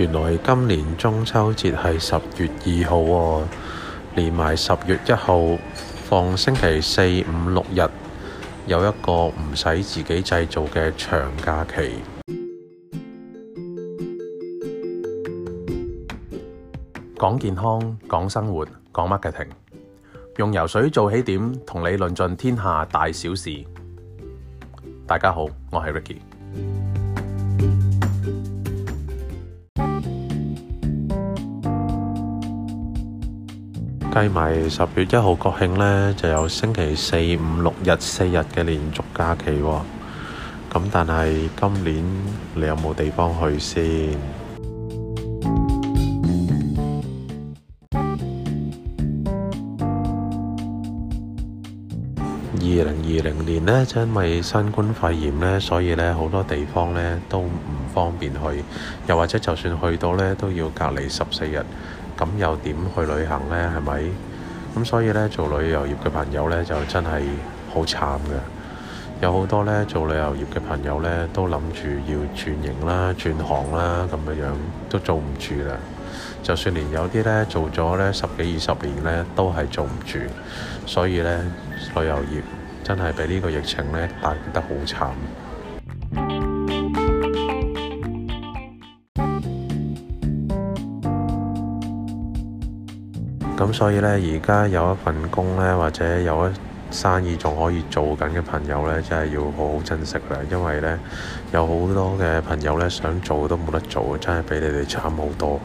原來今年中秋節係十月二號喎、哦，連埋十月一號放星期四、五、六日，有一個唔使自己製造嘅長假期。講健康，講生活，講 Marketing，用游水做起點，同你論盡天下大小事。大家好，我係 Ricky。計埋十月一號國慶呢，就有星期四、五、六日四日嘅連續假期喎。咁但係今年你有冇地方去先？二零二零年呢，就因為新冠肺炎呢，所以呢好多地方呢都唔方便去，又或者就算去到呢都要隔離十四日。咁又點去旅行呢？係咪咁所以呢，做旅遊業嘅朋友呢，就真係好慘嘅。有好多呢，做旅遊業嘅朋友呢，都諗住要轉型啦、轉行啦咁樣樣，都做唔住啦。就算連有啲呢，做咗呢十幾二十年呢，都係做唔住。所以呢，旅遊業真係俾呢個疫情呢，打得好慘。咁所以呢，而家有一份工呢，或者有一生意仲可以做緊嘅朋友呢，真係要好好珍惜啦。因為呢，有好多嘅朋友呢，想做都冇得做，真係比你哋慘好多。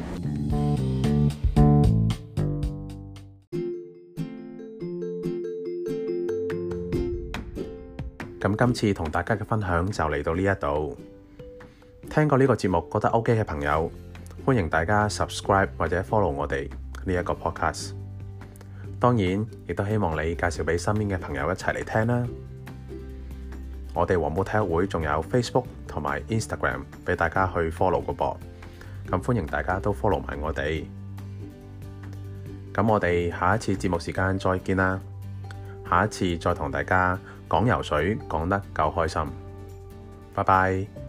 咁今次同大家嘅分享就嚟到呢一度。聽過呢個節目覺得 OK 嘅朋友，歡迎大家 subscribe 或者 follow 我哋。呢一個 podcast，當然亦都希望你介紹俾身邊嘅朋友一齊嚟聽啦。我哋黃埔體育會仲有 Facebook 同埋 Instagram 俾大家去 follow 個噃，咁歡迎大家都 follow 埋我哋。咁我哋下一次節目時間再見啦，下一次再同大家講游水講得夠開心，拜拜。